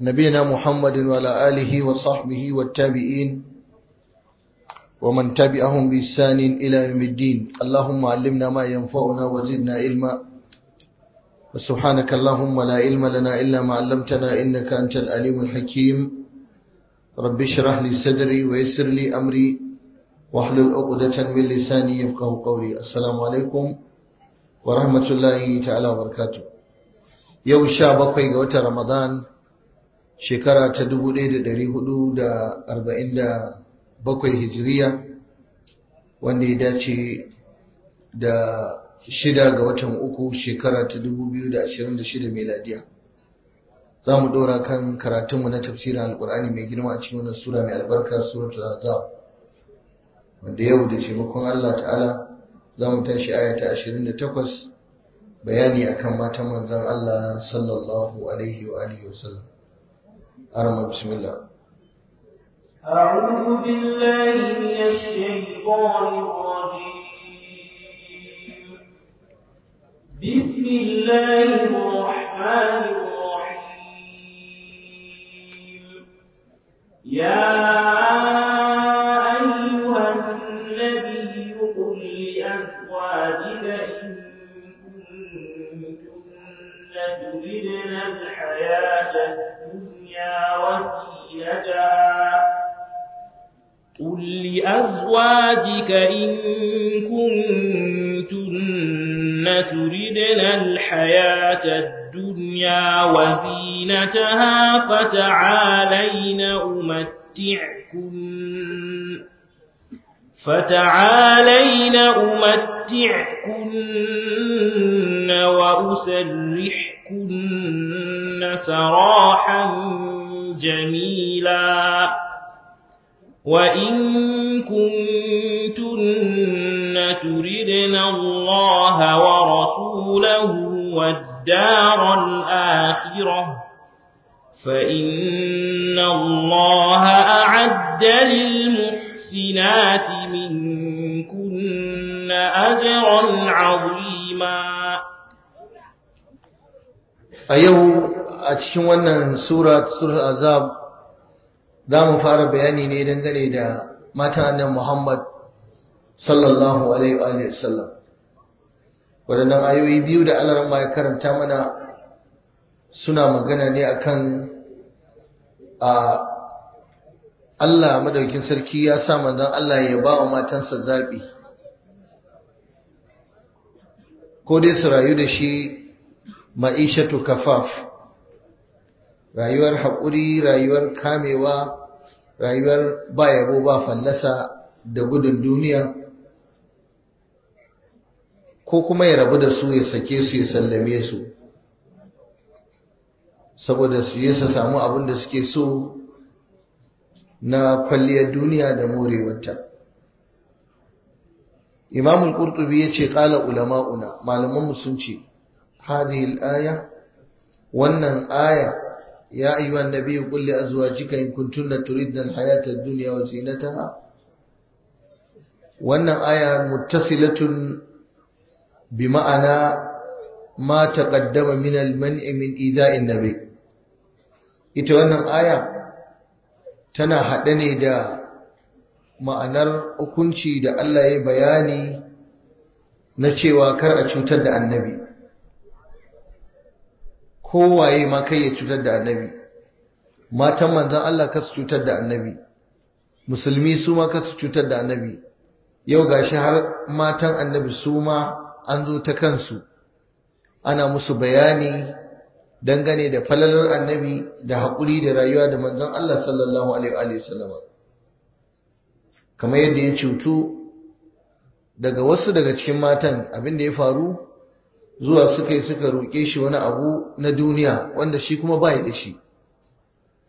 نبينا محمد وعلى آله وصحبه والتابعين ومن تبعهم بإحسان إلى يوم الدين اللهم علمنا ما ينفعنا وزدنا علما وسبحانك اللهم لا علم لنا إلا ما علمتنا إنك أنت العليم الحكيم رب اشرح لي صدري ويسر لي أمري واحلل عقدة من لساني يفقه قولي السلام عليكم ورحمة الله تعالى وبركاته يوم الشعب ga watan Ramadan shekara ta 1447 hijiriya wanda ya dace da shida ga watan uku shekara ta 2026 meladiya za mu dora kan karatunmu na tafsirin alkur'ani mai girma a cikin sura mai albarka suratul azab wanda yau da taimakon Allah ta'ala za mu tashi ayata 28 bayani akan matan manzon Allah sallallahu alaihi wa alihi wasallam أرمى بسم الله أعوذ بالله من الشيطان الرجيم بسم الله الرحمن الرحيم يا قل لأزواجك إن كنتن تردن الحياة الدنيا وزينتها فتعالين أمتعكن فتعالين أمتعكن وأسرحكن سراحا جميلا وإن كنتن تردن الله ورسوله والدار الآخرة فإن الله أعد للمحسنات منكن أجرا عظيما أيوه a cikin wannan sura sura azab za mu fara bayani ne dangane da mata annabi Muhammad sallallahu alaihi wa sallam Wadannan ayoyi biyu da Allah ya karanta mana suna magana ne akan a Allah madaukin sarki ya sa manzon Allah ya ba wa matansa zabi ko dai su rayu da shi ma'ishatu kafaf rayuwar haƙuri rayuwar kamewa rayuwar ba yabo ba fallasa da gudun duniya ko kuma ya rabu da su ya sake su ya sallame su saboda su yi su samu abin da suke so na kwalliyar duniya da morewarta imamun qurtubi ya ce ƙala ulama'una malamanmu sun ce hadhihi al-aya wannan aya يا أيها النبي قل لأزواجك إن كنتن تردن الحياة الدنيا وزينتها وأن آية متصلة بمعنى ما تقدم من المنع من إيذاء النبي ita wannan aya tana haɗe ne da ma'anar hukunci da Allah ya bayani na cewa kar a cutar da annabi kowaye ma kai ya cutar da annabi matan manzan Allah ka su cutar da annabi musulmi su ma ka su cutar da annabi yau gashi har matan annabi su ma an zo ta kansu ana musu bayani dangane da falalar annabi da haƙuri da rayuwa da manzan Allah sallallahu alaihi Wa wasallama kamar yadda ya cutu daga wasu daga cikin matan abin da ya faru zuwa suka yi suka roƙe shi wani abu na duniya wanda shi kuma bai da shi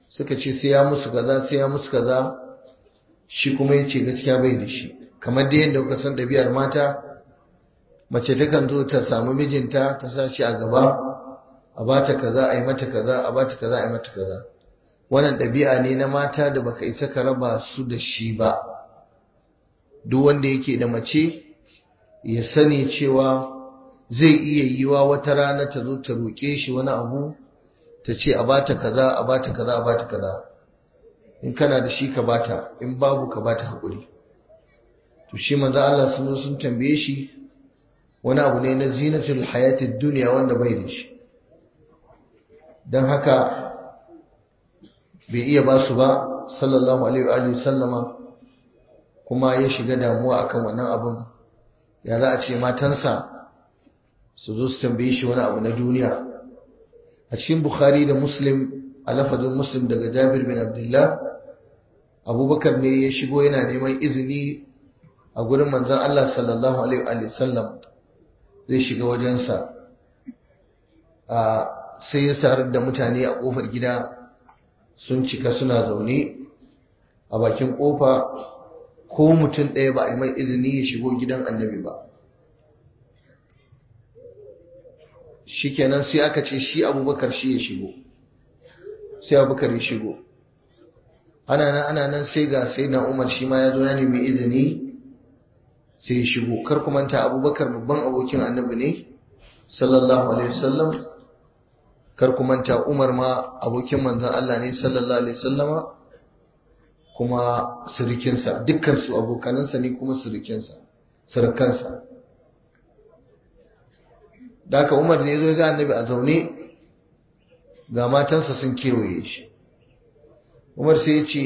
suka ce sai ya musu kaza sai ya musu kaza shi kuma ya ce gaskiya bai da shi kamar da yadda kuka san ɗabi'ar mata mace takan zo ta samu mijinta ta sa shi a gaba a bata kaza a yi mata kaza a bata kaza a yi mata kaza wannan ɗabi'a ne na mata da baka isa ka raba su da shi ba duk wanda yake da mace ya sani cewa zai iya yiwa wata rana ta zo ta roƙe shi wani abu ta ce a bata kaza a bata kaza a bata kaza in kana da shi ka bata in babu ka bata haƙuri to shi manzo Allah sun zo sun tambaye shi wani abu ne na zinatul hayatid dunya wanda bai da shi dan haka bai iya basu ba sallallahu alaihi wa sallama kuma ya shiga damuwa akan wannan abun ya za a ce matansa su zo su tambaye shi wani abu na duniya a cikin bukhari da muslim a lafazin muslim daga jabir bin abdullah abubakar ne ya shigo yana neman izini a gurin manzan allah sallallahu alaihi wa sallam zai shiga wajensa sai ya sarar da mutane a kofar gida sun cika suna zaune a bakin kofa ko mutum ɗaya ba a yi mai izini ya shigo gidan annabi ba shikenan sai aka ce shi abubakar shi ya shigo sai abubakar ya shigo ana nan ana nan sai ga sai na umar shi ma ya zo ya nemi izini sai ya shigo kar ku manta abubakar babban abokin annabi ne sallallahu alaihi wasallam kar ku manta umar ma abokin manzon Allah ne sallallahu alaihi wasallama kuma surikinsa dukkan su abokanansa ne kuma surikinsa surukansa da umar ne zo ga annabi a zaune ga matansa sun kewaye shi umar sai ya ce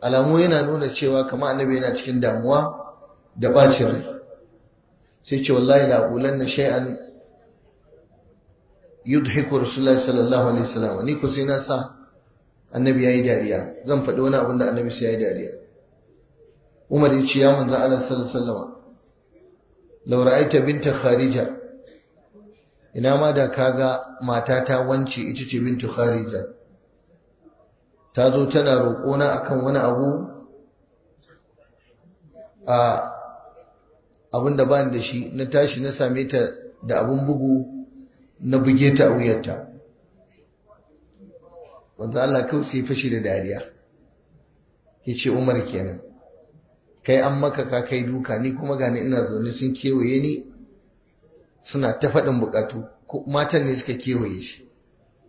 alamu yana nuna cewa kama annabi yana cikin damuwa da bacin rai sai ce wallahi da qulan na shay'an yudhiku rasulullahi sallallahu alaihi wasallam ni ku sai na sa annabi yayi dariya zan faɗi wani abin da annabi sai yayi dariya umar ya ce ya manzo Allah sallallahu alaihi wasallam law ra'aita binta kharija ina ma da kaga mata ta wance ita ce bintu kharija ta zo tana roƙona akan wani abu a abinda ba bani da shi na tashi na same ta da abun bugu na buge ta a wuyarta wanda Allah kawai sai fashi da dariya ya ce umar kenan kai an maka ka kai duka ni kuma gani ina zaune sun kewaye ni suna ta faɗin buƙatu. matan ne suka kewaye shi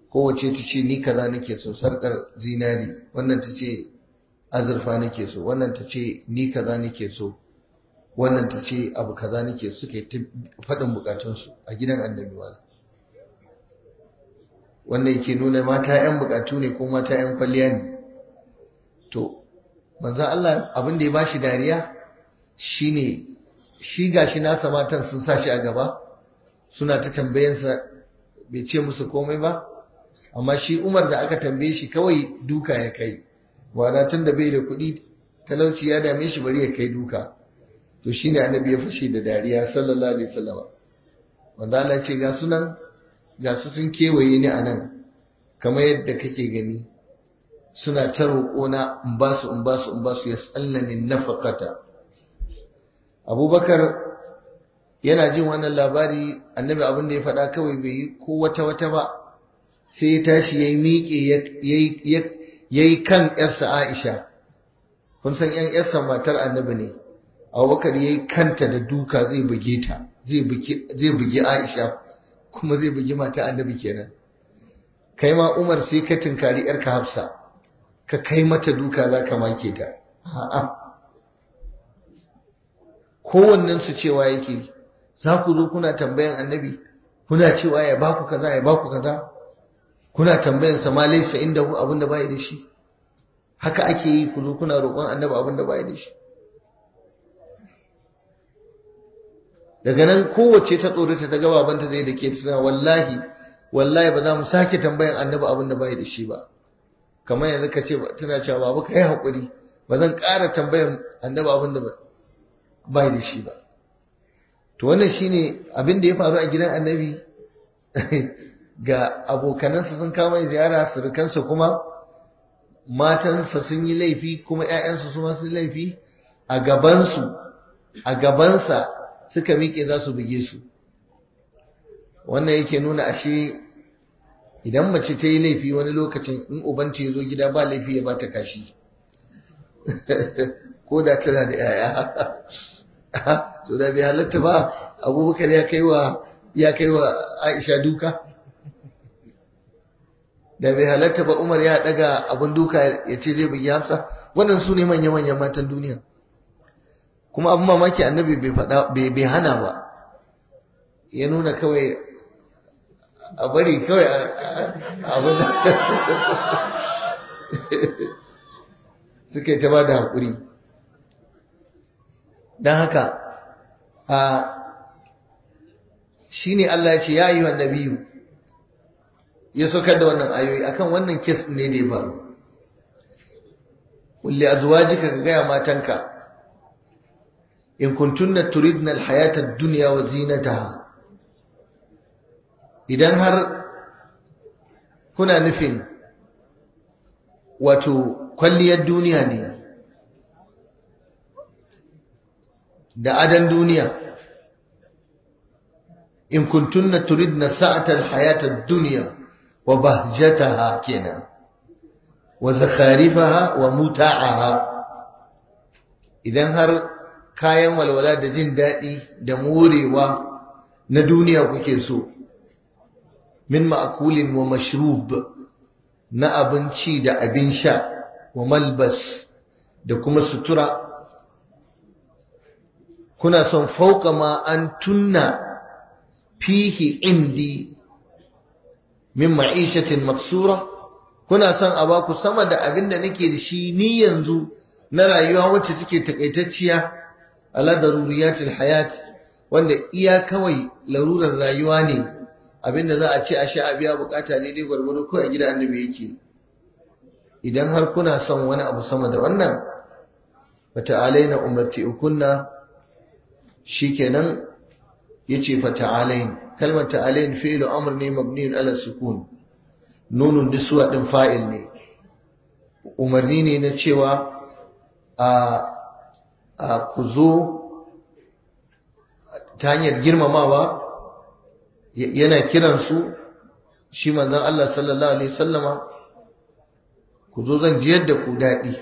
kowace ta ce ni kaza nake so sarkar zinari wannan ta ce azurfa nake so wannan ta ce ni kaza nake so wannan ta ce abu kaza nake so suka yi faɗin buƙatunsu a gidan annabi wala wannan yake nuna mata 'yan buƙatu ne ko mata 'yan kwalliya ne to manzan Allah abin da ya bashi dariya shine shi shi nasa matan sun sa shi a gaba suna ta tambayansa bai ce musu komai ba amma shi umar da aka tambaye shi kawai duka ya kai wadatun da bai da kuɗi talauci ya dame shi bari ya kai duka to shi ne annabi ya fashe da dariya sallallahu alaihi wasallam wanda Allah ce ga sunan ga su sun kewaye ni anan kamar yadda kake gani suna ta roƙona in ba su in ba su in ba su ya tsallani nafaƙata, Abubakar yana jin wannan labari annabi abin da ya faɗa kawai bai yi ko wata wata ba sai ya tashi ya yi miƙe ya yi kan ‘yarsa Aisha, kun san ƴan ‘yarsa matar annabi ne, abubakar ya yi kanta da duka zai buge ta, zai buge Aisha kuma zai buge mata annabi kenan. Kai ma Umar sai ka tunkari ‘yarka Hafsa, ka kai mata duka za ka make ta. Kowannensu cewa yake za ku zo kuna tambayan annabi kuna cewa ya ba ku kaza ya ba ku kaza kuna tambayan sa ma inda ku abin da bai da shi haka ake yi ku zo kuna roƙon annabi abin da bai da shi daga nan kowace ta tsorata ta ga babanta zai dake ta wallahi wallahi ba za mu sake tambayan annabi abin da bai da shi ba kamar yanzu ka ce tana cewa babu kai hakuri ba zan ƙara tambayan annabi abin da bai da shi ba to wannan shine abin da ya faru a gidan annabi ga abokanansa sun kama ziyara surukansa kuma matansa sun yi laifi kuma ‘ya'yansa su sun laifi a gabansu a gabansa suka miƙe za su buge su wannan yake nuna ashe idan mace ta yi laifi wani lokacin in ubanta ya zo gida ba laifi ya ba ta kashi ko da tana da ‘ya'ya to da biya latta ba abubakar ya kai wa ya kai wa aisha duka da bai halatta ba umar ya daga abin duka ya ce zai bugi hamsa wannan su ne manya-manyan matan duniya kuma abin mamaki annabi bai hana ba ya nuna kawai a bari kawai abin da suke ta ba da haƙuri don haka shi ne Allah ya ce ya yi wa nabiyu ya saukar da wannan ayoyi akan wannan kes ne da ya faru kulli jika ka gaya matanka in kuntunna turid na hayatar duniya wa zinata idan har kuna nufin wato kwalliyar duniya ne da adan duniya in kuntunna turidna sa'atal hayatad dunya wa bahjataha kenan wa zakharifaha wa muta'aha idan har kayan walwala da jin daɗi da morewa na duniya kuke so min ma'akulin wa mashrub na abinci da abin sha wa malbas da kuma sutura kuna son fauka ma an tunna fihi indi min ma'ishatin maksura kuna son a baku sama da abin da nake da shi ni yanzu na rayuwa wacce take takaitacciya ala daruriyatil hayat wanda iya kawai larurar rayuwa ne abin da za a ce a sha a biya bukata ne dai gwargwado ko a gida annabi yake idan har kuna son wani abu sama da wannan fata alaina ummati ukunna shikenan yace fa ta'alain kalmar ta'alain fi'lu amr ne mabni ala sukun nunun niswa din fa'il ne umarni ne na cewa a ku zo ta hanyar girmamawa yana kiransu shi manzon Allah sallallahu alaihi wasallama ku zo zan jiyar da ku daɗi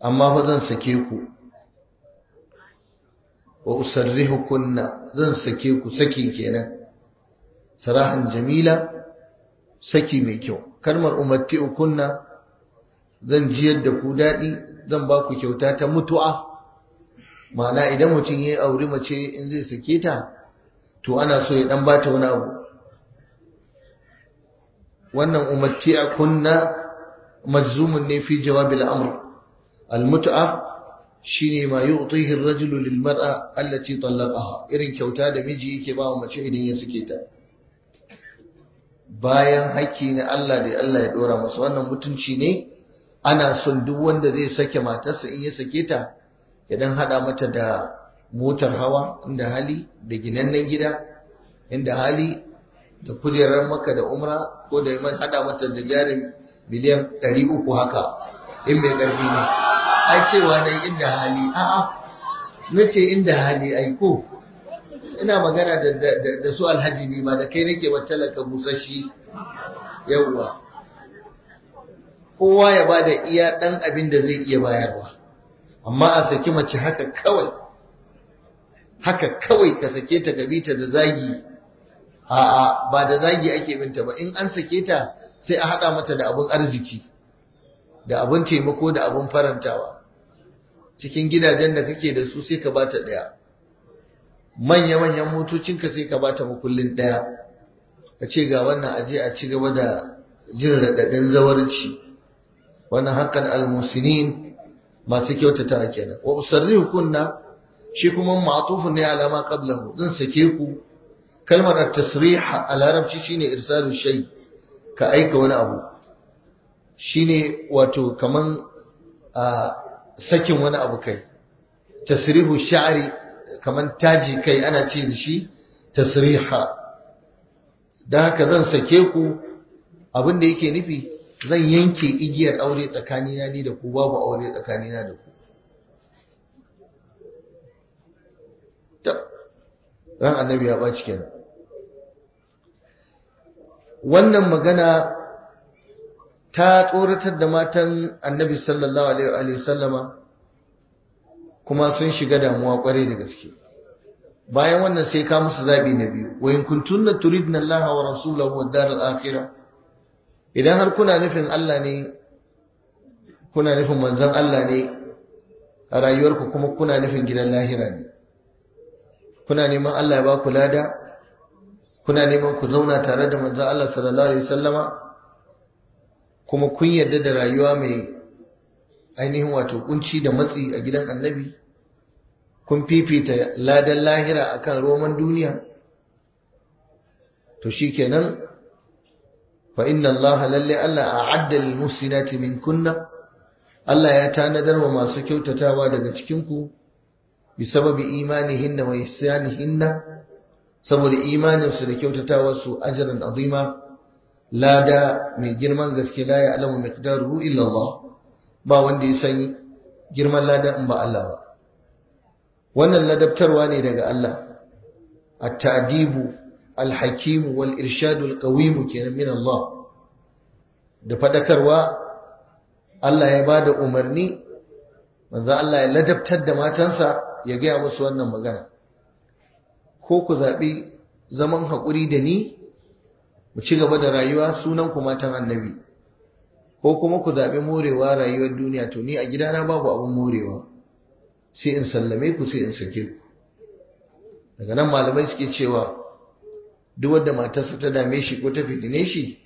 amma fa zan sake ku wa usarrihukunna zan sake ku saki kenan sarahan jamila saki mai kyau kalmar umatti'ukunna zan jiyar da ku daɗi zan ba ku kyauta ta mutu'a ma'ana idan mutum ya auri mace in zai sake ta to ana so ya ɗan bata wani abu wannan umatti'ukunna majzumun ne fi jawabil amr al-mut'a Shi ne ma yi ar-rajulu lil mar'a allati talaqaha irin kyauta da miji yake ba wa mace idan ya suke ta bayan haƙƙi na Allah da Allah ya dora masa wannan mutunci ne ana son duk wanda zai sake matarsa in ya sake ta ya haɗa hada mata da motar hawa inda hali da ginannen gida inda hali da kujerar maka da umra ko da hada mata da jarin miliyan 300 haka in mai ƙarfi ne ai cewa dai inda hali a'a nace inda hali ai ko ina magana da da su alhaji ne ba da kai nake wa talaka musashi yawa kowa ya bada iya dan abin da zai iya bayarwa amma a saki mace haka kawai haka kawai ka sake ta ta da zagi a'a ba da zagi ake binta ba in an sake ta sai a haɗa mata da abun arziki da abun taimako da abun farantawa cikin gidajen da kake da su sai ka bata ɗaya manya-manyan motocinka sai ka bata makullin ɗaya ka ce ga wannan aje a ci gaba da jin raɗaɗin zawarci wannan hakan almusinin masu kyautata kenan wa usarri kunna shi kuma ma'atufu ne alama qablahu zan sake ku kalmar at-tasrih a larabci shine irsalu shay ka aika wani abu shine wato kaman a ah, sakin wani abu kai tasrihu sha'ri kaman taji kai ana ce da shi tasriha dan haka zan sake ku abin da yake nufi zan yanke igiyar aure tsakanina ni da ku babu aure tsakanina da ku ran annabi ya baci kenan wannan magana ta tsoratar da matan annabi sallallahu alaihi wasallama kuma sun shiga damuwa kware da gaske bayan wannan sai ka musu zabi na biyu wa in kuntunna turidna Allah wa rasulahu wa daral akhirah idan har kuna nufin Allah ne kuna nufin manzon Allah ne a rayuwarku kuma kuna nufin gidan lahira ne kuna neman Allah ya ba ku lada kuna neman ku zauna tare da manzon Allah sallallahu alaihi wasallama kuma kun yarda da rayuwa mai ainihin wato kunci da matsi a gidan annabi kun fifita ladan lahira a kan roman duniya to shikenan fa inna allaha lalle allah a'adda lil muhsinati min kunna Allah ya tanadar wa masu kyautatawa daga cikinku bi sababi imanihinna wa hinna saboda imaninsu da kyautatawa su ajran azima lada mai girman gaske la ya'lamu miqdaruhu illa Allah ba wanda ya san girman lada in ba Allah ba wannan ladabtarwa ne daga Allah at-ta'dibu al-hakimu wal irshadu al qawim kenan min Allah da fadakarwa Allah ya bada umarni manzo Allah ya ladabtar da matansa ya gaya musu wannan magana ko ku zaɓi zaman hakuri da ni mu ci gaba da rayuwa sunan ku matan annabi ko kuma ku zaɓi morewa rayuwar duniya to ni a gidana babu abin morewa sai in sallame ku sai in sake ku daga nan malamai suke cewa duk wanda matarsa ta dame shi ko ta fitine shi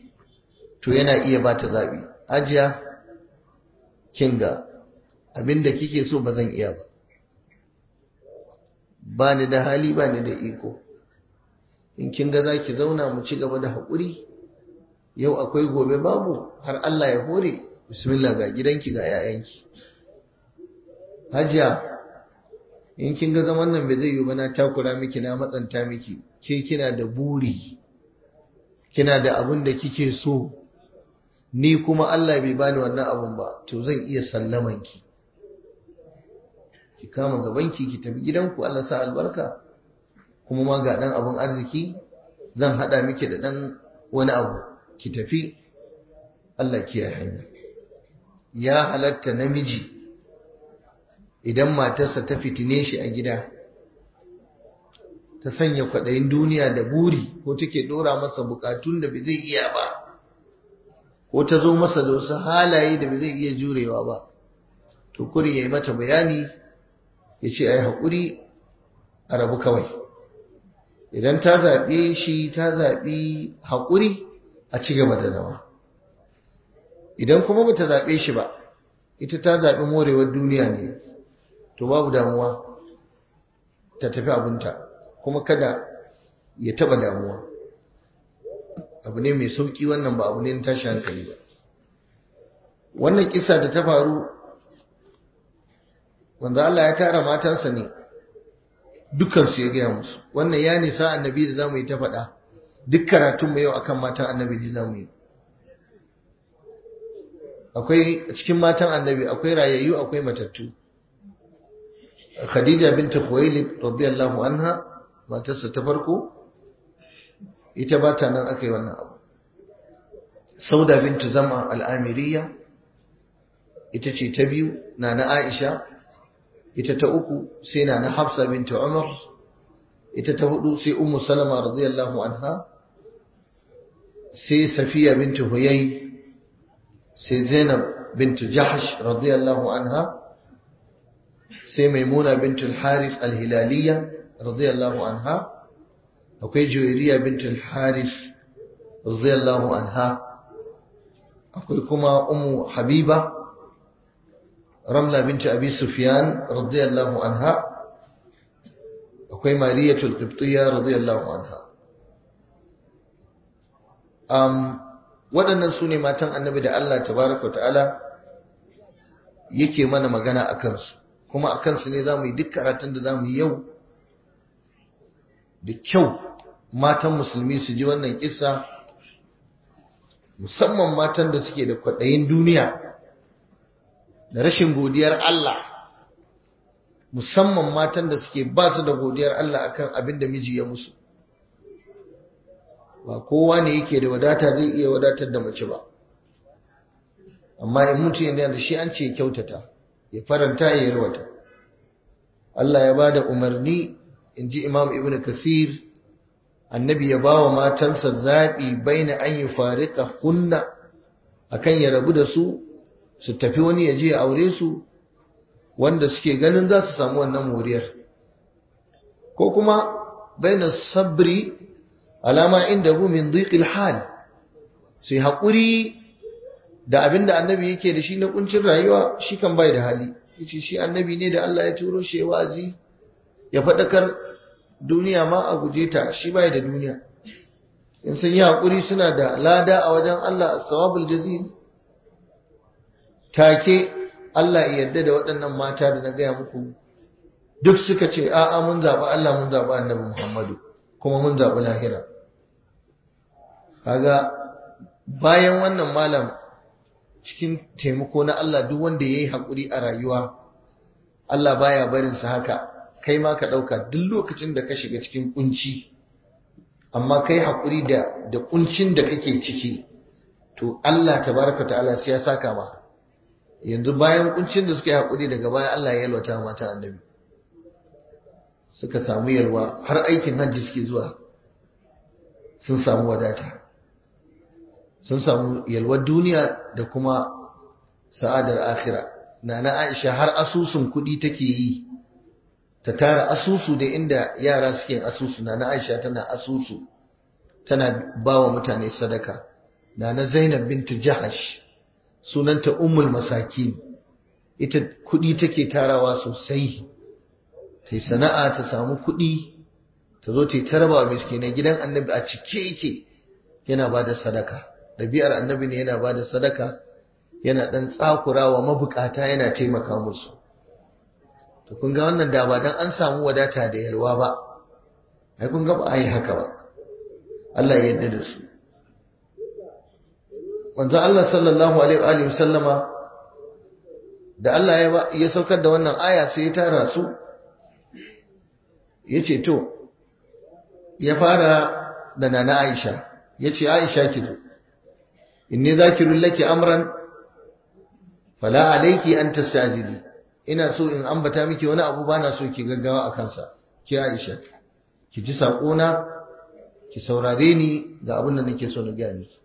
to yana iya ba ta zaɓi ajiya kinga da kike so ba zan iya ba ba ni da hali ba ni da iko in kin ga za ki zauna mu ci gaba da hakuri, yau akwai gobe babu har Allah ya hore bismillah ga gidanki ga 'ya'yanki hajiya in kin ga zaman nan bai zai yi ba na takura miki na matsanta miki ke kina da buri kina da abun da kike so ni kuma Allah bai bani wannan abun ba to zan iya sallaman ki ki kama gabanki ki tafi gidanku Allah sa albarka kuma ma ga ɗan abin arziki zan haɗa miki da ɗan wani abu ki tafi Allah kiyaye hanya ya halatta namiji idan matarsa ta fitine shi a gida ta sanya kwaɗayin duniya da buri ko take ɗora masa bukatun da bai iya ba ko ta zo masa da wasu halaye da bai iya jurewa ba to kuri ya yi mata bayani ya ce a yi haƙuri a rabu kawai idan ta zaɓe shi ta zaɓi haƙuri a ci gaba da zama idan kuma bata zaɓe shi ba ita ta zaɓi morewar duniya ne to babu damuwa ta tafi abinta kuma kada ya taɓa damuwa abu ne mai sauƙi wannan ba abu ne na tashi hankali ba wannan kisa da ta faru wanda Allah ya tara matansa ne dukansu ya gaya musu wannan ya nisa annabi da zamu yi ta faɗa duk karatunmu yau akan matan annabi da zamu yi akwai cikin matan annabi akwai rayayyu akwai matattu khadija binta khuwailid radiyallahu anha matarsa ta farko ita ba ta nan aka yi wannan abu sauda bintu zama al'amiriya ita ce ta biyu na na aisha ita ta uku sai na na Hafsa binti Umar ita ta hudu sai Ummu Salama radiyallahu anha sai Safiya binti Huyay sai Zainab binti Jahash radiyallahu anha sai Maimuna binti haris Alhilaliya radiyallahu anha akwai Juwairiya binti haris radiyallahu anha akwai kuma Ummu Habiba ramla binci abi sufyan radiyallahu anha akwai mariyatul qibtiyya radiyallahu anha waɗannan su ne matan annabi da Allah tabaraka ta'ala yake mana magana a kansu kuma a kansu ne za mu yi duk karatun da za mu yi yau da kyau matan musulmi su ji wannan kisa musamman matan da suke da kwaɗayin duniya da rashin godiyar Allah musamman matan da suke ba su da godiyar Allah akan abin da miji ya musu ba kowa ne yake da wadata zai iya wadatar da mace ba amma in mutum yana da shi an ce kyautata ya faranta ya yarwata Allah ya bada umarni in ji Imam Ibn Kasir annabi ya ba wa matansa zaɓi baina an yi farika kunna akan ya rabu da su su tafi wani ya je ya aure su wanda suke ganin za su samu wannan moriyar ko kuma baina sabri alama inda hu min dhiqil hal sai hakuri da abinda annabi yake da shi na kuncin rayuwa shi kan bai da hali yace shi annabi ne da Allah ya turo shi wazi ya fadakar duniya ma a guje ta shi bai da duniya in sun yi hakuri suna da lada a wajen Allah as-sawabul jazil take Allah ya yarda da waɗannan mata da na gaya muku duk suka ce a'a mun zaɓi Allah mun zaɓi annabi Muhammadu kuma mun zaɓi lahira kaga bayan wannan malam cikin taimako na Allah duk wanda yayi hakuri a rayuwa Allah baya barin sa haka kai ma ka ɗauka duk lokacin da ka shiga cikin kunci amma kai hakuri da da kuncin da kake ciki to Allah tabaraka ta'ala sai ya saka ma yanzu bayan kuncin da suka yi haƙuri daga baya Allah ya yalwata mata annabi suka samu yalwa har aikin hajji suke zuwa sun samu wadata sun samu yalwar duniya da kuma sa'adar akhira nana Aisha har asusun kuɗi take yi ta tara asusu da inda yara suke asusu nana Aisha tana asusu tana bawa mutane sadaka Na na Zainab bintu Jahash sunanta umul masaki ita kudi take tarawa sosai ta sana'a ta samu kudi ta zo ta tarba miskinai gidan annabi a cike yake yana ba da sadaka ɗabi'ar annabi ne yana ba da sadaka yana ɗan tsakurawa mabukata yana taimaka musu to kun ga wannan da ba dan an samu wadata da yalwa ba ai kun ga ba a yi haka ba Allah ya yarda da su manzo Allah sallallahu alaihi wa sallama da Allah ya saukar da wannan aya sai ya tara su yace to ya fara da nana Aisha yace Aisha ki zo inni zakirul laki amran fala alayki an tastajili ina so in ambata miki wani abu bana so ki gaggawa a kansa ki Aisha ki ji saƙona ki saurare ni ga abin da nake so na gaya miki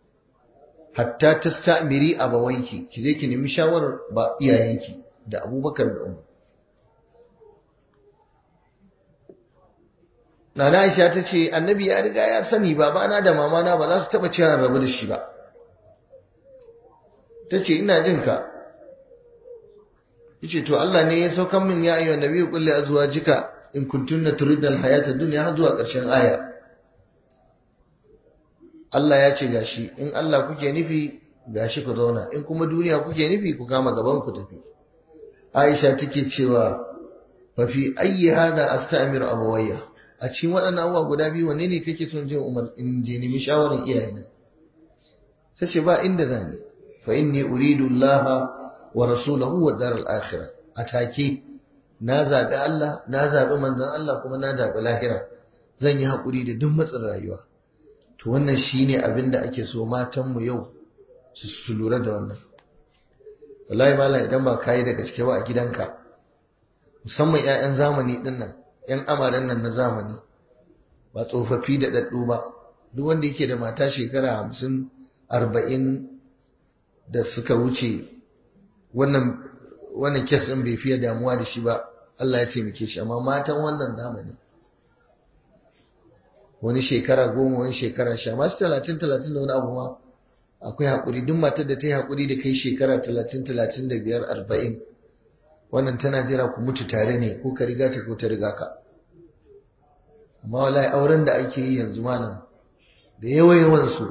hatta ta a bawanki ki je ki nemi shawarar ba iyayenki da Abubakar da Umar Nana Aisha ta ce annabi ya riga ya sani babana da mamana ba za su taba cewa rabu da shi ba ta ce ina jin ka yace to Allah ne ya saukan min ya ayyuhan nabiyyu qul li jika in kuntunna turidna al-hayata ad-dunya zuwa ƙarshen aya Allah ya ce gashi in Allah kuke nufi gashi ku zauna in kuma duniya kuke nufi ku kama gaban ku tafi Aisha take cewa fa fi ayyi hada astamiru abawayya a cikin waɗannan abubuwa guda biyu wanne ne kake son jin umar in je nemi shawaran iyayena ta ce ba inda zani fa inni uridu Allah wa rasulahu wa al akhirah atake na zabi Allah na zabi manzon Allah kuma na zabi lahira zan yi hakuri da duk matsin rayuwa to wannan shine abin da ake so matanmu yau su lura da wannan wallahi malam idan ba kayi da gaske ba a gidanka musamman 'ya'yan zamani din nan 'yan amaren nan na zamani ba tsofaffi da daddo ba duk wanda yake da mata shekara hamsin arba'in da suka wuce wannan wannan kes ɗin bai fiye damuwa da shi ba Allah ya ce muke shi amma matan wannan zamani wani shekara goma wani shekara sha masu talatin talatin da wani abu ma akwai haƙuri duk matar da ta yi haƙuri da kai shekara talatin talatin da biyar arba'in wannan tana jira ku mutu tare ne ko ka riga ta ko ta riga ka amma wallahi auren da ake yi yanzu malam da yawa yawan su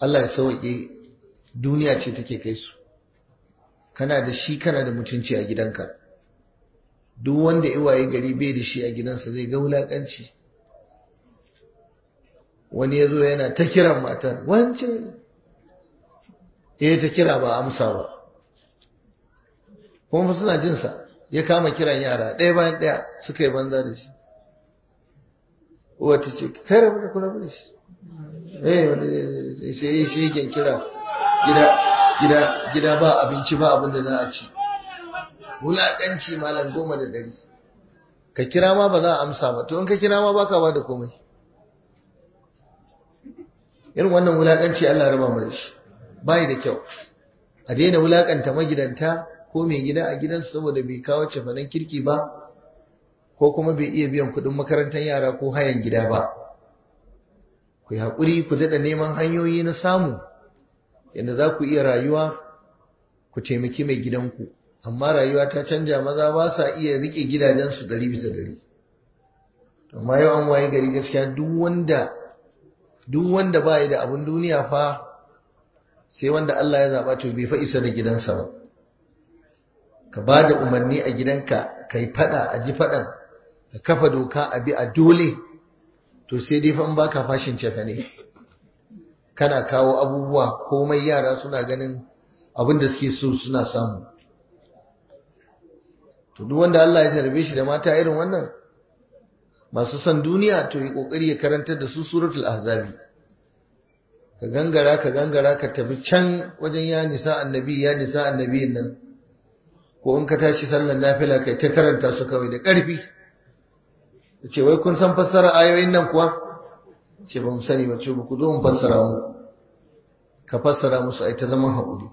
Allah ya sauke duniya ce take kai su kana da shi kana da mutunci a gidanka duk wanda iwaye gari bai da shi a gidansa zai ga wulakanci wani ya zo yana ta kiran matar wance ya eh, ta kira ba amsa ba kuma fa suna jinsa ya kama kiran yara ɗaya bayan ɗaya suka yi banza da shi wata ce kai rabu da kula da shi eh wani sai shi yake kira gida gida gida ba abinci ba abin da za a ci wulaƙanci malam goma da ɗari ka kira ma ba za a amsa ba to in ka kira ma baka ba da komai irin wannan wulakanci Allah raba mu da shi bai da kyau a daina wulaƙanta magidanta ko mai gida a gidansu saboda bai kawo cefanen kirki ba ko kuma bai iya biyan kuɗin makarantar yara ko hayan gida ba ku hakuri ku daɗa neman hanyoyi na samu yadda za ku iya rayuwa ku taimaki mai gidanku amma rayuwa ta canja maza ba sa iya riƙe gidajensu ɗari bisa ɗari amma yau an waye gari gaskiya duk wanda duk wanda ba da abin duniya fa sai wanda Allah ya zaɓa to bai fa isa da gidansa ba ka ba da umarni a gidanka ka yi faɗa a ji faɗan ka kafa doka a bi a dole to sai dai fa in ka fashin cefa ne kana kawo abubuwa komai yara suna ganin abin da suke so suna samu to duk wanda Allah ya tarbe shi da mata irin wannan masu son duniya to yi kokari ya karanta da su suratul ahzabi ka gangara ka gangara ka tafi can wajen ya nisa annabi ya nisa annabi nan ko in ka tashi sallar nafila kai ta karanta su kawai da ƙarfi ce wai kun san fassara ayoyin nan kuwa ce ba mu sani ba ce ba ku zo mu fassara mu ka fassara musu ai ta zaman haƙuri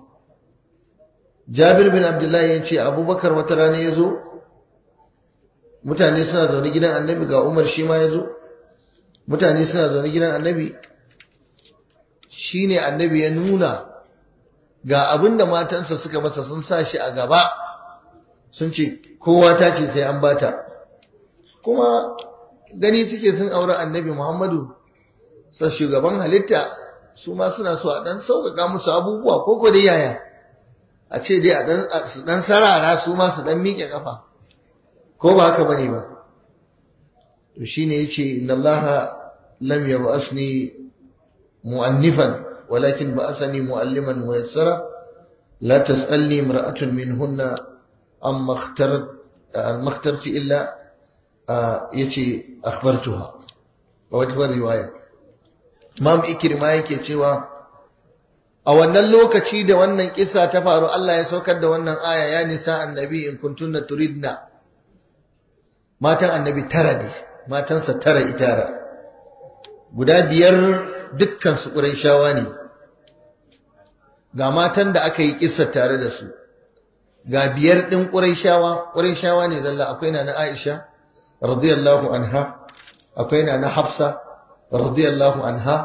jabir bin abdullahi ya ce abubakar wata rana ya zo mutane suna zaune gidan annabi ga umar shi ma ya zo mutane suna zaune gidan annabi shi ne annabi ya nuna ga abin da matansa suka masa sun sa shi a gaba sun ce kowa ta ce sai an bata kuma gani suke sun aure annabi muhammadu sa shugaban halitta su ma suna so a ɗan sauƙaƙa musu abubuwa ko ko yaya a ce dai a ɗan sarara su ma su ɗan miƙe ƙafa ko ba haka bane ba to shine yace inna allaha lam yab'asni mu'annifan walakin ba'asani mu'alliman muyassara la tas'alni imra'atun minhunna amma ikhtarat amma ikhtarti illa yace akhbartuha a wata riwaya Imam Ikirma yake cewa a wannan lokaci da wannan kisa ta faru Allah ya saukar da wannan aya ya nisa annabi in kuntunna turidna matan annabi tara ne matansa tara itara guda biyar dukkan su shawa ne ga matan da aka yi kissa tare da su ga biyar ɗin ƙuraishawa ƙuraishawa ne zalla akwai na na aisha radiyallahu anha akwai na na hafsa radiyallahu anha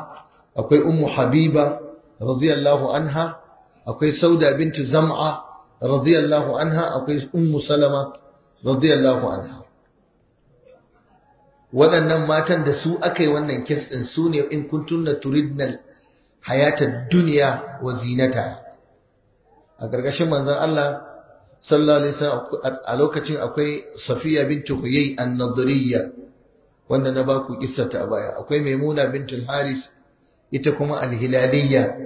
akwai ummu habiba radiyallahu anha akwai sauda bintu zam'a radiyallahu anha akwai ummu salama radiyallahu anha waɗannan matan da su aka yi wannan kes ɗin su ne in kuntunna turidnal hayatar duniya wa zinata a ƙarƙashin manzan Allah sallallahu alaihi wasallam a lokacin akwai Safiya Bintu Huyay an-Nadriyya wanda na baku kissata a baya akwai Maimuna Bintu Haris ita kuma Alhilaliya,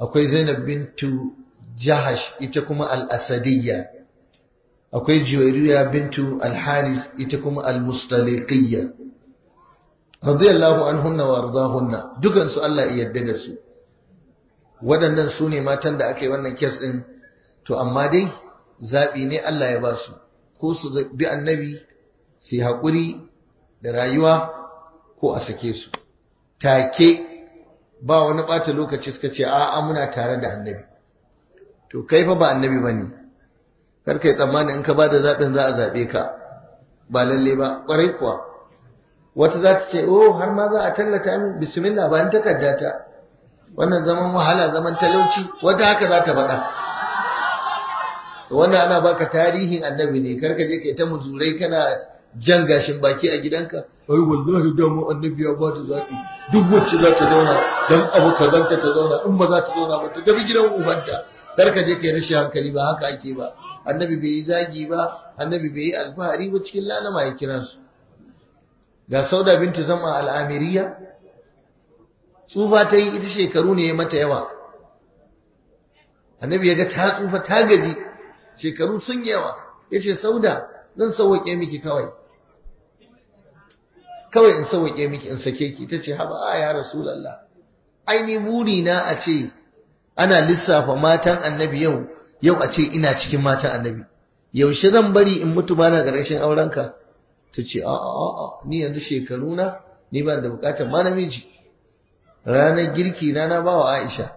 akwai Zainab bintu Jahash ita kuma al-Asadiyya akwai jiwariya bintu alhalis, ita kuma almustaliqiyya radiyallahu anhunna wa ardahunna dukan su Allah ya yarda da su waɗannan su ne matan da aka yi wannan kes ɗin to amma dai zaɓi ne Allah ya ba su ko su bi annabi su haƙuri da rayuwa ko a sake su take ba wani ɓata lokaci suka ce a'a muna tare da annabi to kai fa ba annabi ba ne kar yi tsammani in ka ba da zaɓin za a zaɓe ka ba lalle ba ƙwarai kuwa wata za ta ce oh har ma za a tallata min bismillah bayan takarda ta wannan zaman wahala zaman talauci wata haka za ta faɗa to wannan ana baka tarihin annabi ne kar ka je kai ta muzurai kana jan gashin baki a gidanka ai wallahi da mu annabi ya ba ta zaki duk wacce za ta zauna dan abu kazanta ta zauna in ba za ta zauna ba ta tafi gidan ubanta kar ka je kai rashin hankali ba haka ake ba annabi bai yi zagi ba annabi bai yi alfahari ba cikin lalama ya kira su ga sauda binti zama al'amiriya tsufa ta yi ita shekaru ne mata yawa annabi ya ga ta tsufa ta gaji shekaru sun yawa ya ce sauda zan sauwaƙe miki kawai kawai in sauwaƙe miki in sake ki ita ce haba a ya rasulallah aini buri na a ce ana lissafa matan annabi yau yau a ce ina cikin mata annabi yaushe zan bari in mutu bana na ƙarshen aurenka ta ce a a a ni yanzu shekaru na ni ba da bukatar ma namiji ranar girki na na bawa Aisha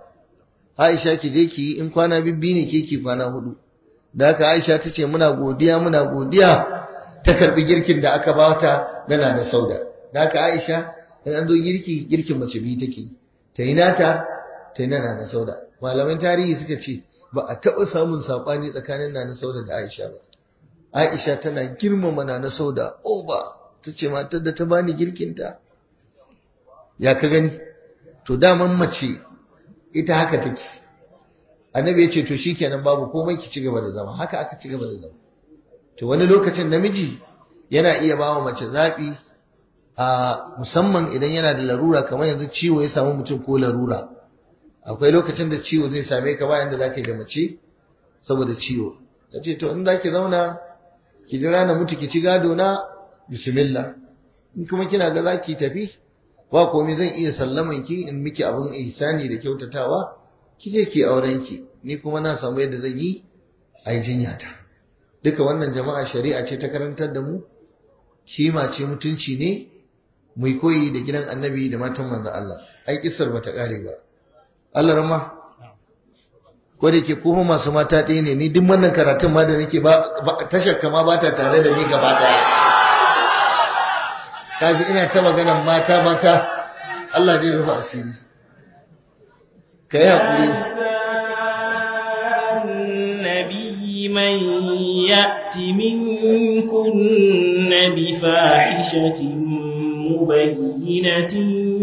Aisha ki je ki yi in kwana bibbi ne ke ki kwana hudu da haka Aisha ta ce muna godiya muna godiya ta karbi girkin da aka bata dana da sauda da haka Aisha in an zo girki girkin mace biyu take ta yi nata ta yi nana da sauda Malamin tarihi suka ce ba a taɓa samun saɓani tsakanin Nana Sauda da Aisha ba. Aisha tana girmama Nana Sauda oba ta ce matar da ta bani girkinta. Ya ka gani? To daman mace ita haka take. Annabi ya ce to shikenan babu komai ki ci gaba da zama haka aka ci gaba da zama. To wani lokacin namiji yana iya bawa mace zaɓi a musamman idan yana da larura kamar yanzu ciwo ya samu mutum ko larura. akwai lokacin da ciwo zai same ka bayan da zaka yi da mace saboda ciwo ta ce to in zaki zauna ki jira na mutu ki ci gado na bismillah in kuma kina ga za ki tafi ba komai zan iya sallaman ki in miki abin ihsani da kyautatawa ki je ki auren ki ni kuma na samu yadda zan yi ai jinya ta duka wannan jama'a shari'a ce ta karantar da mu kima ce mutunci ne mu koyi da gidan annabi da matan manzo Allah ai kissar bata kare ba Allah rama ko da ke kuma masu mata ɗaya ne ni duk wannan karatun ma da nake ba tashar kama ba ta tare da ni gaba ɗaya kaji ina ta magana mata mata Allah zai rufe asiri ka yi haƙuri من يأت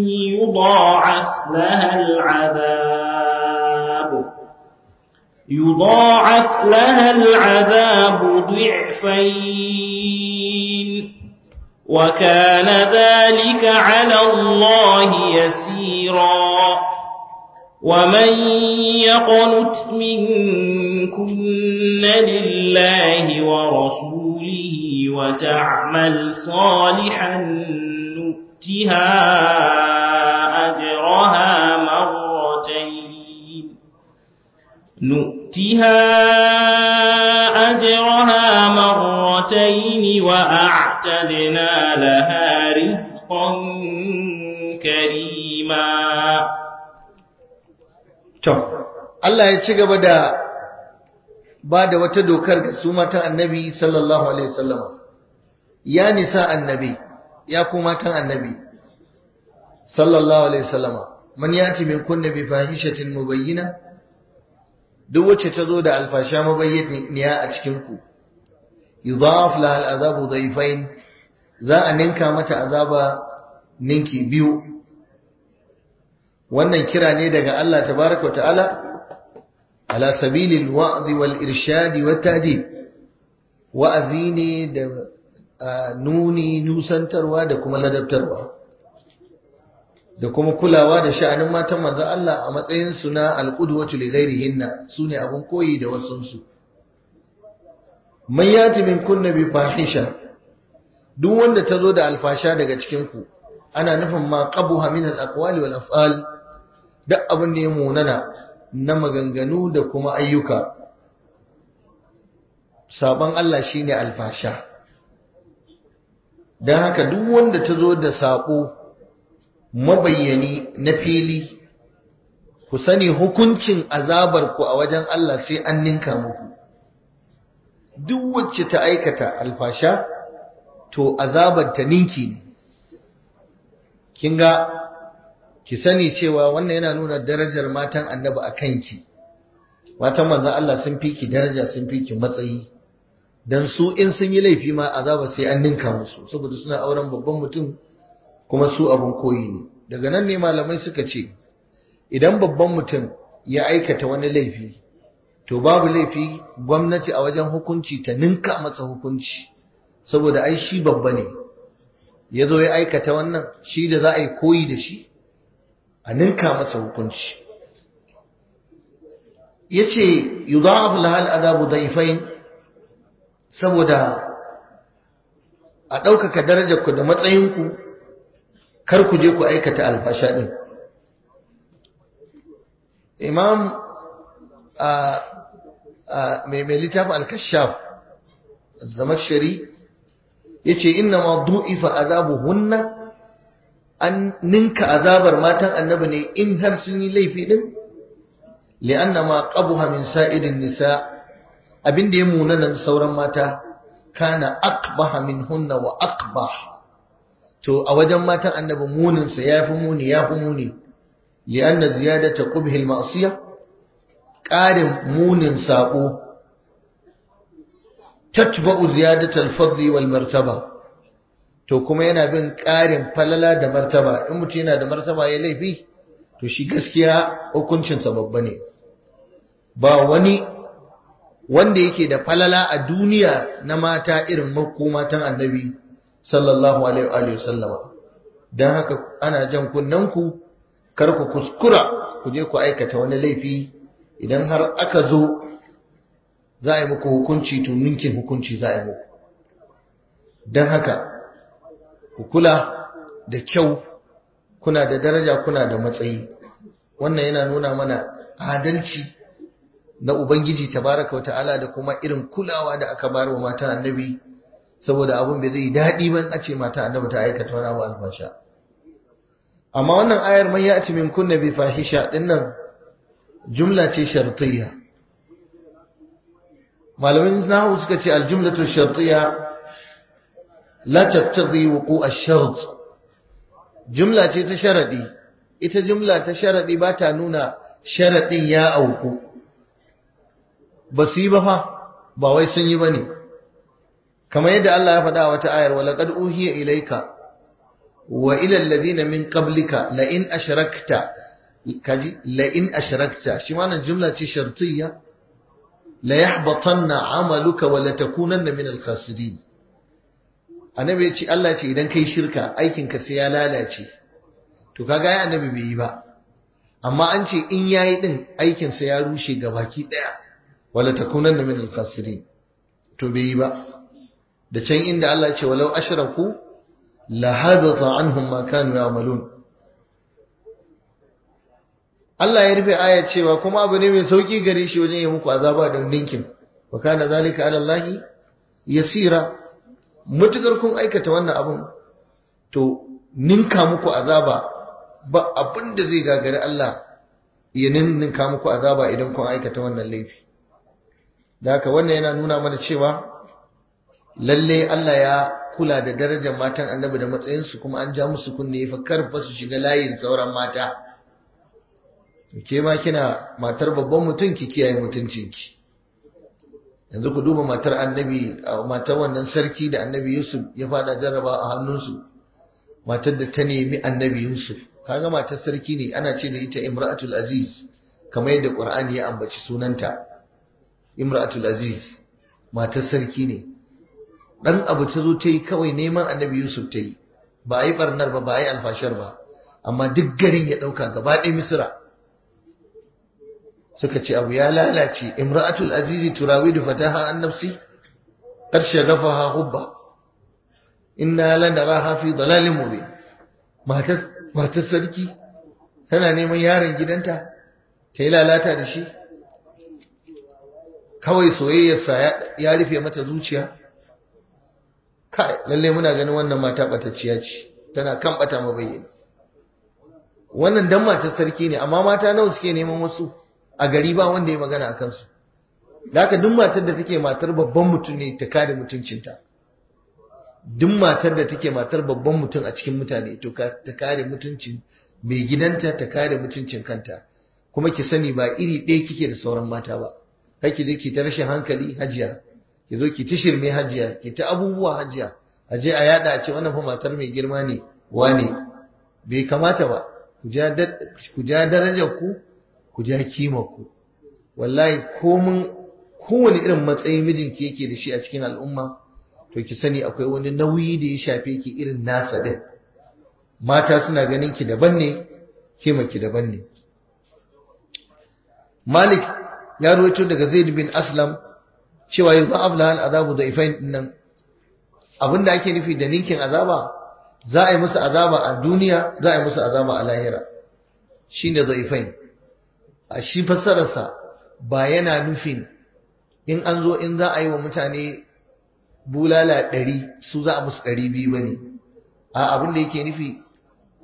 يضاعف لها العذاب يضاعف لها العذاب ضعفين وكان ذلك على الله يسيرا ومن يقنت منكن لله ورسوله وتعمل صالحا نؤتها أجرها مرتين نؤتها أجرها مرتين وأعتدنا لها رزقا كريما طب الله يتشغب دا ba da wata dokar ga su matan annabi sallallahu alaihi wasallama ya nisa annabi ya ku matan annabi sallallahu alaihi wasallama man yati min kunna bi fahishatin mubayyina duk wacce ta zo da alfasha mabayyaniya a cikin ku yudhaf laha al'adabu za a ninka mata azaba ninki biyu wannan kira ne daga Allah tabaraka ta'ala ala sabilil wa'zi wal irshadi wat wa'azi ne da nuni nusantarwa da kuma ladabtarwa da kuma kulawa da sha'anin matan manzon Allah a matsayin su na al-qudwatu li ghairihinna sune abun koyi da wasun su man yati min kunna bi fahisha duk wanda tazo da alfasha daga cikin ku ana nufin ma qabuha min al aqwali wal af'al da abin da ya munana na maganganu da kuma ayyuka sabon Allah shine alfasha dan haka duk wanda tazo da sako mabayyani na fili ku sani hukuncin azabar ku a wajen Allah sai an ninka muku duk wacce ta aikata alfasha to azabar ta ninki ne kin ki sani cewa wannan yana nuna darajar matan annabi a kanki matan manzon Allah sun fi ki daraja sun fi ki matsayi dan su in sun yi laifi ma azaba sai an ninka musu saboda suna auren babban mutum kuma su abin koyi ne daga nan ne malamai suka ce idan babban mutum ya aikata wani laifi to babu laifi gwamnati a wajen hukunci ta ninka masa hukunci saboda ai shi babba ne ya zo ya aikata wannan shi da za a yi koyi da shi a ninka masa hukunci ya ce yi za a fulhal azabu daifain saboda a ɗaukaka darajarku da matsayinku kar ku je ku aikata alfasha ɗin. imam a mai mai littafin al-kashaf zamakshari yace inna ma du'ifa hunna, an ninka azabar matan annabi ne in har sun yi laifi ɗin li'anna ma qabuha min sa'irin nisa abinda ya nan sauran mata kana aqbaha hunna wa aqbah to a wajen matan annabi munin sa yafi muni ya fi muni li'anna ziyadata qubhi al-ma'siyah qarin munin sako tatba'u ziyadata al-fadli wal martaba to kuma yana bin ƙarin falala da martaba in mutum yana da martaba ya laifi to shi gaskiya hukuncinsa babba ne ba wani wanda yake da falala a duniya na mata irin makoma matan annabi sallallahu alaihi wa sallama dan haka ana jan ku kar ku kuskura ku je ku aikata wani laifi idan har aka zo za a yi muku hukunci to ninkin hukunci za a yi muku dan haka ku kula da kyau kuna da daraja kuna da matsayi wannan yana nuna mana adalci na Ubangiji tabaraka Ta'ala da kuma irin kulawa da aka bayar wa matan annabi saboda abun bai zai daɗi ban a ce mata annabi ta aikata wani abu alfasha amma wannan ayar man ya'ti min kunna bi fahisha dinnan jumla ce shartiyya malamin nahu suka ce aljumlatu shartiyya la taqtadi wuqu a shart jumla ce ta sharadi ita jumla ta sharadi ba ta nuna sharadin ya auku ba su yi ba fa ba wai sun yi ba ne kamar yadda Allah ya faɗa wata ayar wa laqad uhiya ilayka wa ila alladhina min qablika la in ashrakta kaji la in ashrakta shi nan jumla ce shartiyya la yahbatanna amaluka wa la takunanna min al-khasirin annabi ya ce Allah ce idan kai shirka aikin ka sai ya lalace to kaga ai annabi bai yi ba amma an ce in yayi din aikin sa ya rushe gabaki daya wala takunanna min al-khasirin to bai yi ba da can inda Allah ce walau ashraku la habata anhum ma kanu ya'malun Allah ya rufe aya cewa kuma abu ne mai sauki gare shi wajen yi muku azaba da dinkin wa kana zalika ala Allah yasira mutukar kun aikata wannan abun to ninka muku azaba ba abin da zai gagari Allah ya ninka muku azaba idan kun aikata wannan laifi da haka wannan yana nuna mana cewa lalle Allah ya kula da darajar matan annabi da matsayinsu kuma an ja musu kunne fa karfa su shiga layin sauran mata ke ma kina matar babban mutum ki kiyaye mutuncinki yanzu ku duba matar annabi matar wannan sarki da annabi yusuf ya fada jarraba a hannunsu matar da ta nemi annabi yusuf kaga matar sarki ne ana ce da ita imra'atul aziz kamar yadda qur'ani ya ambaci sunanta imra'atul aziz matar sarki ne dan abu ta zo ta yi kawai neman annabi yusuf ta yi ba a yi barnar ba ba a yi alfashar ba amma duk garin ya ɗauka gaba ɗaya misira suka ce abu ya lalace imra'atul azizi turawidu fataha an nafsi ƙarshe ha hubba inna lanaraha fi dalalin mubin matar sarki tana neman yaron gidanta ta yi lalata da shi kawai soyayyarsa ya rufe mata zuciya kai lalle muna ganin wannan mata batacciya ce tana kan bata bayyana wannan dan matar sarki ne amma mata nawa suke neman wasu a gari ba wanda ya magana akan su laka duk matar da take matar babban mutum ne ta kada mutuncinta duk matar da take matar babban mutum a cikin mutane to ta kare mutuncin mai gidanta ta kare mutuncin kanta kuma ki sani ba iri ɗaya kike da sauran mata ba kake da ta rashin hankali hajiya ki zo ki ta shirme hajiya ki ta abubuwa hajiya a je a yada a ce wannan fa matar mai girma ne wane bai kamata ba ku ja darajar ku ku ja kimar ku wallahi komin kowane irin matsayin mijinki yake da shi a cikin al'umma to ki sani akwai wani nauyi da ya shafe ki irin nasa din mata suna ganin ki daban ne kima ki daban ne malik ya ruwaito daga zaid bin aslam cewa lahal azabu da ifai nan abinda ake nufi da ninkin azaba za a yi musu azaba a duniya za a yi musu azaba a lahira shi ne da ifai a shi fassararsa ba yana nufin in an zo in za a yi wa mutane bulala ɗari su za a musu ɗari biyu ba ne a abin da yake nufi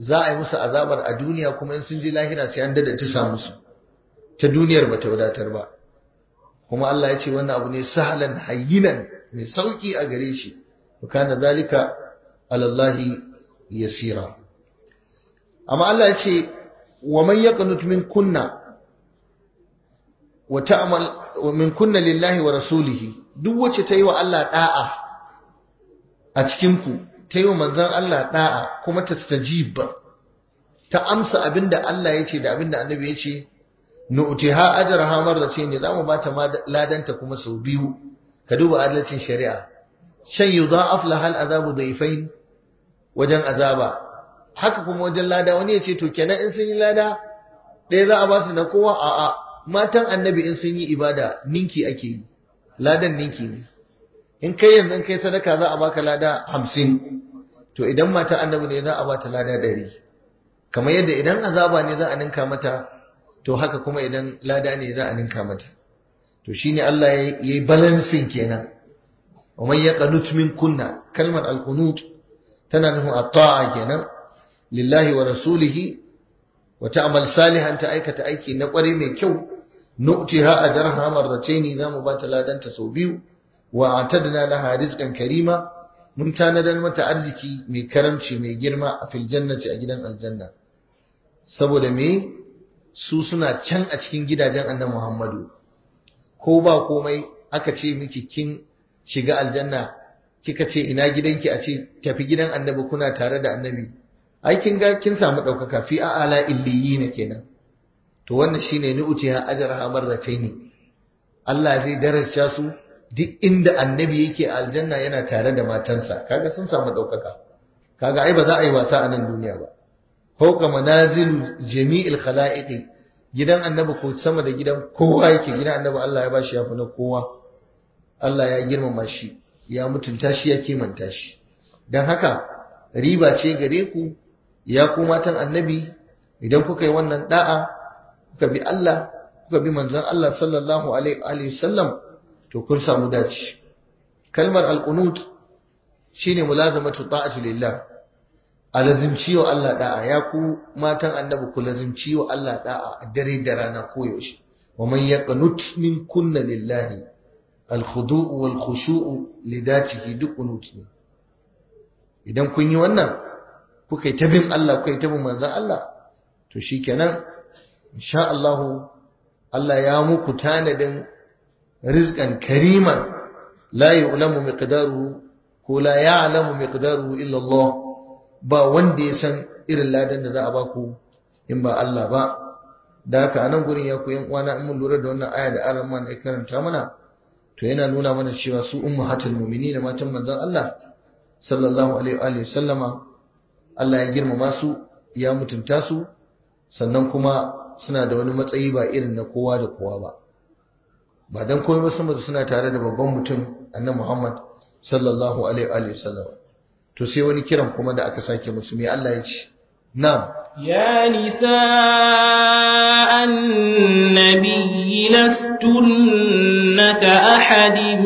za a yi musu azabar a duniya kuma in sun je lahira sai an dada ta musu ta duniyar ba ta wadatar ba kuma Allah ya ce wannan abu ne sahalan hayyinan mai sauki a gare shi wa kana zalika alallahi yasira amma Allah ya ce wa man yaqnut min kunna wa ta'mal min kunna lillahi wa rasulihi duk wacce ta yi wa Allah da'a a cikin ku ta yi wa manzon Allah da'a kuma ta tajiba ta amsa abinda Allah ya ce da abinda annabi ya ce nu'tiha ajraha marratayn zamu bata ladanta kuma sau biyu ka duba adalcin shari'a shan afla hal azabu dayfain wajen azaba haka kuma wajen lada wani ya ce to kenan in sun yi lada ɗaya za a ba su na kowa a'a matan annabi in sun yi ibada ninki ake yi ladan ninki ne in kai yanzu in kai sadaka za a baka lada hamsin to idan mata annabi ne za a bata lada ɗari kamar yadda idan azaba ne za a ninka mata to haka kuma idan lada ne za a ninka mata to shine Allah ya yi balancing kenan wa man yaqnut min kunna kalmar alqunut tana nufin ata'a kenan lillahi wa rasulihi wa ta'mal salihan ta aikata aiki na kware mai kyau nu'tiha ajraha marratayn zamu bata ladanta sau biyu wa atadna laha rizqan karima mun tanadar mata arziki mai karamci mai girma a fil jannati a gidan aljanna saboda me su suna can a cikin gidajen annan Muhammadu ko ba komai aka ce miki kin shiga aljanna kika ce ina gidanki a ce tafi gidan annabi kuna tare da annabi ai kin ga kin samu ɗaukaka fi a a'ala illiyina kenan to wannan shine ni utiya ce ne. Allah zai daraja su duk inda annabi yake aljanna yana tare da matansa kaga sun samu ɗaukaka kaga ai ba za a yi wasa a nan duniya ba fauka manazilu jami'il khala'iqi gidan annabi ko sama da gidan kowa yake gidan annabi Allah ya bashi yafi na kowa Allah ya girmama shi ya mutunta shi ya kimanta shi dan haka riba ce gare ku ya ku matan annabi idan kuka yi wannan da'a kuka bi Allah kuka bi manzon Allah sallallahu alaihi sallam? to kun samu dace kalmar alqunut shine mulazamatu ta'atu lillah a lazimci wa Allah da'a ya ku matan annabi ku lazimci wa Allah da'a a dare da rana koyaushe wa man yaqnut min kunna lillahi al-khudu'u wal khushu'u lidatihi duk qunut idan kun yi wannan kuka yi tabin Allah kuka yi tabin manzon Allah to shikenan insha Allah Allah ya muku tanadin rizqan kariman la yu'lamu miqdaruhu ko la ya'lamu miqdaruhu illa Allah ba wanda ya san irin ladan da za a baku in ba Allah ba da haka a nan gurin ya koyan uwana in mun lura da wannan aya da aran man ya karanta mana to yana nuna mana cewa su ummahatul mu'minin matan manzon Allah sallallahu alaihi wa sallama Allah ya girmama su ya mutunta su sannan kuma suna da wani matsayi ba irin na kowa da kowa ba ba dan komai ba suna tare da babban mutum annabi Muhammad sallallahu alaihi wa sallama to sai wani kiran kuma da aka sake musu mai Allah ya ce na'am ya nisa annabi lastunka ahadin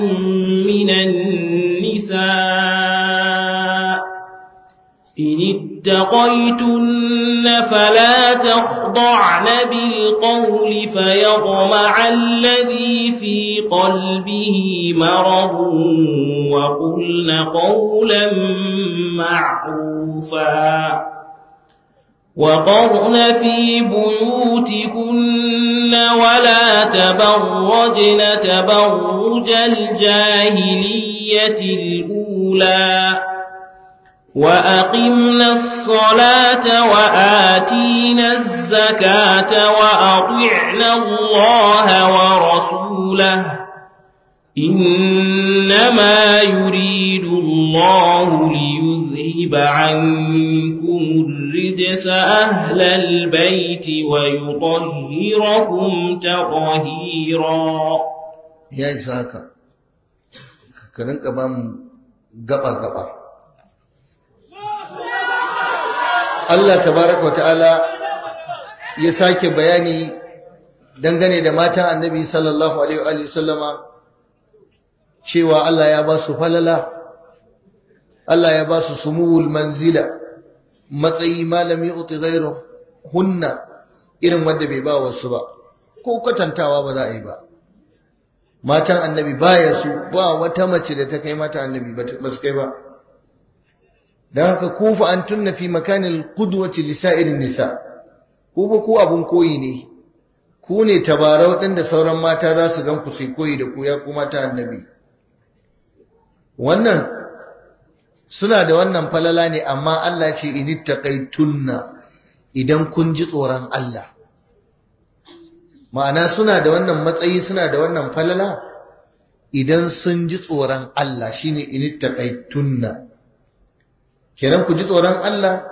minan nisa in اتقيتن فلا تخضعن بالقول فيطمع الذي في قلبه مرض وقلن قولا معروفا وقرن في بيوتكن ولا تبرجن تبرج الجاهلية الأولى وأقمنا الصلاة وآتينا الزكاة وأطعنا الله ورسوله إنما يريد الله ليذهب عنكم الرجس أهل البيت ويطهركم تطهيرا يا إساكا كرنك بام قبر قبر Allah tabaraka ta'ala ya sake bayani dangane da matan annabi sallallahu alaihi wa sallama cewa Allah ya ba su falala Allah ya ba su sumuwul manzila matsayi malami uti ghairu hunna irin wanda bai ba wasu ba ko kwatantawa ba za a yi ba matan annabi baya su ba wata mace da ta kai mata annabi ba su kai ba don haka kufa an tunna fi makanin kudwaci lisa'in nisa kufa ku abun koyi ne ku ne tabarau ɗin da sauran mata za su gan ku sai koyi da ku ya kuma ta annabi wannan suna da wannan falala ne amma Allah ce kai tunna idan kun ji tsoron Allah ma'ana suna da wannan matsayi suna da wannan falala idan sun ji tsoron Allah shine kai tunna kenan ku ji tsoron Allah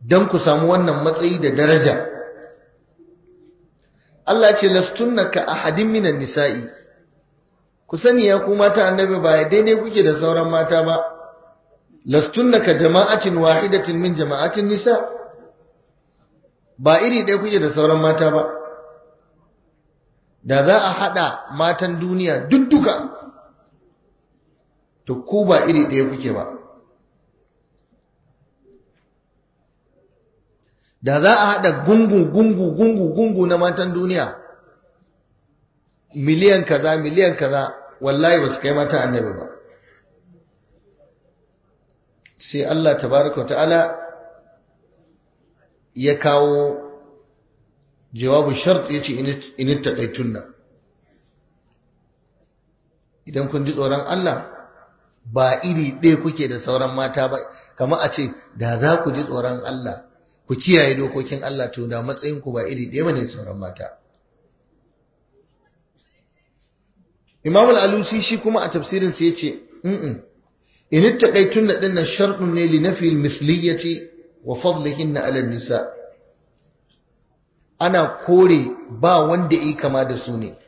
don ku samu wannan matsayi da daraja Allah ce lastunna ka ahadin minan nisa'i ku sani ya ku mata annabi ba daidai kuke da sauran mata ba lastunna jama'atin wahidatin min jama'atin nisa ba iri ɗaya kuke da sauran mata ba da za a haɗa matan duniya duk duka to ku ba iri ɗaya kuke ba da za a haɗa gungu gungu gungu gungu na matan duniya miliyan kaza miliyan kaza wallahi ba su kai mata annabi ba sai Allah tabaraka ta'ala ya kawo jawabin shart ya ce inittakaitun nan. idan kun ji tsoron Allah ba iri ɗaya kuke da sauran mata ba kama a ce da za ku ji tsoron Allah ku kiyaye dokokin Allah to da matsayinku ba iri ɗaya ne sauran mata Imam al-Alusi shi kuma a tafsirin sa yace in in tun na dinnan shartun ne li nafi al-mithliyati wa fadlihin ala nisa ana kore ba wanda yi kama da su ne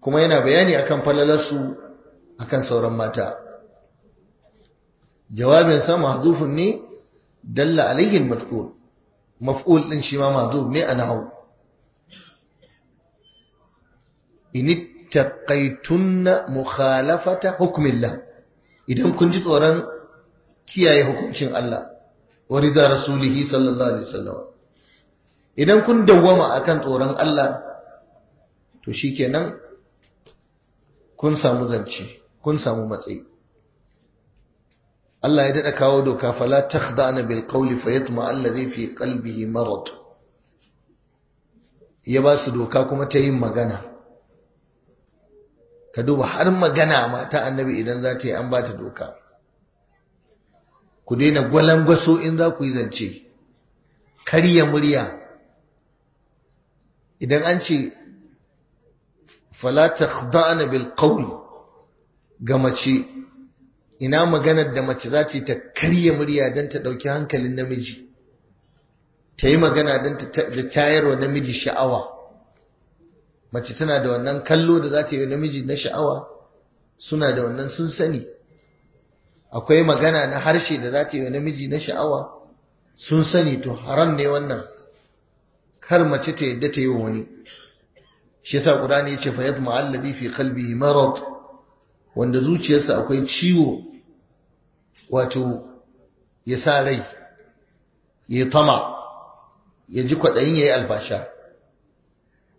kuma yana bayani akan falalarsu akan sauran mata jawabin sa mahdhufun ne dalla alaihi al-mazkur maf'ul din shi ma mahdhuf ne a hu in taqaytunna mukhalafata hukmillah idan kun ji tsoron kiyaye hukuncin Allah wa rida rasulihi sallallahu alaihi wasallam idan kun dawwama akan tsoron Allah to shikenan kun samu zance kun samu matsayi Allah ya dada kawo doka fala takhda'na bil qawli fayatma alladhi fi qalbihi marad ya ba su doka kuma ta yin magana ka duba har magana ma ta annabi idan za ta yi an ba ta doka ku daina gwalangwaso in za ku yi zance karya murya idan an ce fala takhda'na bil qawli ga mace ina maganar da mace za ta karya murya don ta dauki hankalin namiji ta yi magana don ta tayarwa namiji sha'awa mace tana da wannan kallo da za ta yi namiji na sha'awa suna da wannan sun sani akwai magana na harshe da za ta yi namiji na sha'awa sun sani to haram ne wannan kar mace ta yadda ta yi wa wani shi yasa qur'ani yace fa yadma alladhi fi qalbihi marad wanda zuciyarsa akwai ciwo wato ya sa rai ya tama ya ji kwaɗayin ya yi albasha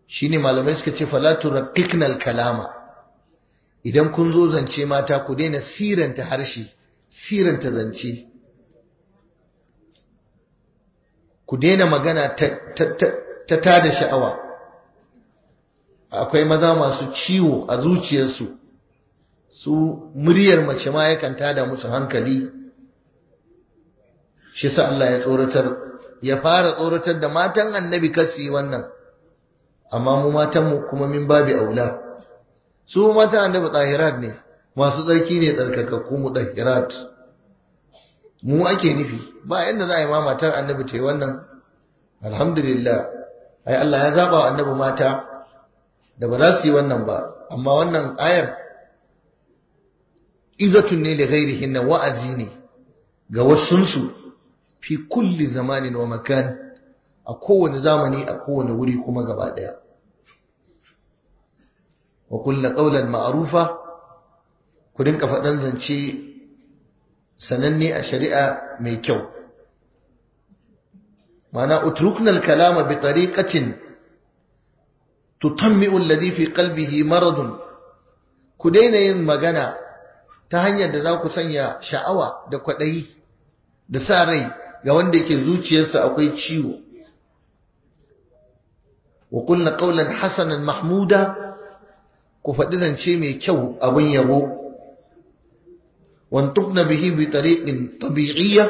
shi ne malamai suka ce falatu raƙiƙnal kalama idan kun zo zance mata ku daina siranta harshe siranta zance ku daina magana ta tada sha'awa akwai maza masu ciwo a zuciyarsu su muryar mace ma yakan tada musu hankali shi sa Allah ya tsoratar ya fara tsoratar da matan annabi kasi wannan amma mu matan mu kuma min babi aula su matan annabi tsahirat ne masu tsarki ne tsarkakakku mu tsahirat mu ake nufi ba yadda za a yi ma matar annabi ta yi wannan alhamdulillah ai Allah ya zaba wa annabi mata da ba za su yi wannan ba amma wannan ayar izatun ne lighairihin hinna wa'azi ne ga wasunsu fi kulli zamanin wa makan a kowane zamani a kowane wuri kuma gaba daya wa kulla ƙaular ma'arufa ku dinka faɗan zance sananne a shari'a mai kyau mana utruknal kalama bi ƙacin. tutammi'u alladhi fi qalbihi maradun ku daina yin magana ta hanyar da za ku sanya sha'awa da kwaɗayi da sa rai ga wanda ke zuciyarsa akwai ciwo wa qulna qawlan hasanan mahmuda ku faɗi zance mai kyau abin yabo wantukna bihi bi tariqin tabi'iyya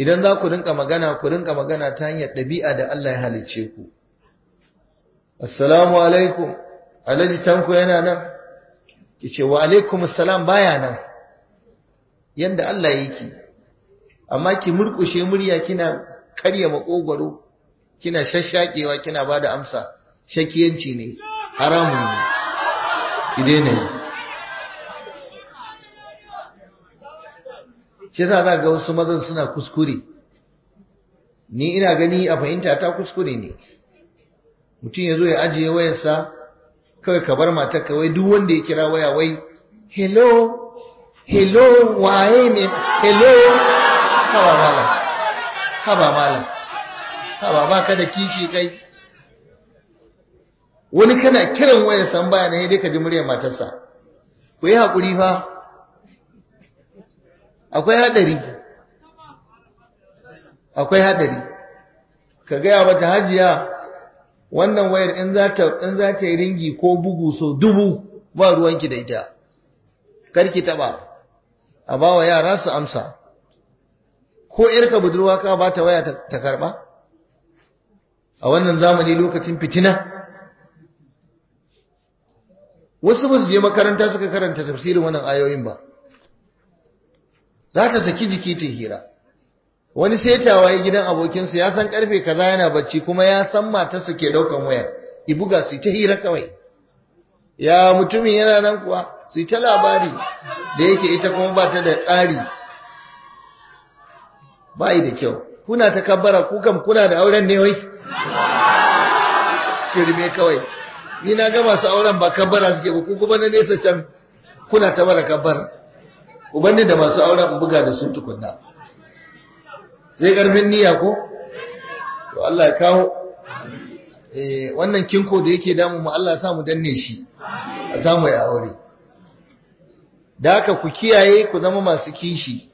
idan za ku rinka magana ku rinka magana ta hanyar ɗabi'a da Allah ya halicce ku assalamu alaikum alhaji tanko yana nan ki ce wa alaikum assalam baya nan Yadda Allah yake amma ki murkushe murya kina karya maƙogwaro? kina shashakewa kina bada amsa shakiyanci ne haramun ne ki daina yi za za ga wasu mazan suna kuskure ni ina gani a fahimta ta kuskure ne mutum ya zo ya ajiye wayarsa kawai ka bar matar kawai duk wanda ya kira waya wai hello hello waye ne hello haba mala haba mala haba ba ka da kishi kai wani kana kiran waya san baya ne dai ka ji muryar matarsa ku yi hakuri fa akwai hadari akwai hadari ka gaya mata hajiya wannan wayar in za ta in za ta yi ringi ko bugu so dubu ba ruwanki da ita karki taba a ba wa yara su amsa ko irka budurwa ka ba ta waya ta karba a wannan zamani lokacin fitina wasu ba su je makaranta suka karanta tafsirin wannan ayoyin ba za ta saki jiki ta hira wani setawa ya gidan abokinsa ya san karfe kaza yana bacci kuma ya san matarsa ke daukan waya i buga su ta hira kawai ya mutumin yana nan kuwa su ta labari da yake ita kuma ba ta da tsari ba da kyau kuna ta kabbara kukan kuna da auren ne wai shirme kawai ni na ga masu auren ba kabbara suke ba kuma na nesa can kuna ta bara kabbara ubanni da masu auren buga da su tukunna Zai karfin niyya ko to Allah ya kawo eh, wannan kinko da yake damu mu Allah samu danne shi a samu ya aure da haka ku kiyaye ku zama masu kishi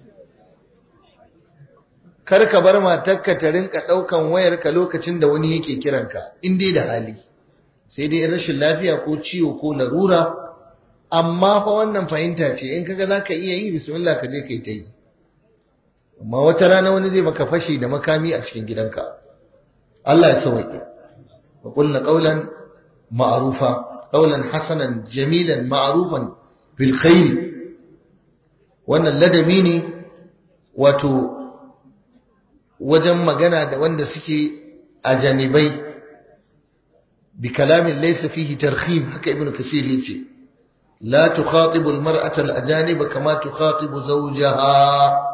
kar ka bar matarka ta rinka ɗaukan wayarka lokacin da wani yake kiranka in dai da hali sai dai rashin lafiya ko ciwo ko larura amma fa wannan fahimta ce in kaga zaka iya yi bismillah ka je kai ta yi ma wata rana wani zai maka fashi da makami a cikin gidanka Allah ya sauke wa qulna qawlan ma'rufa qawlan hasanan jamilan ma'rufan bil khair wannan ladabi ne wato wajen magana da wanda suke a janibai bi kalamin laysa fihi tarhim haka ibnu kasir yace la tukhatibu al mar'ata al ajaniba kama tukhatibu zawjaha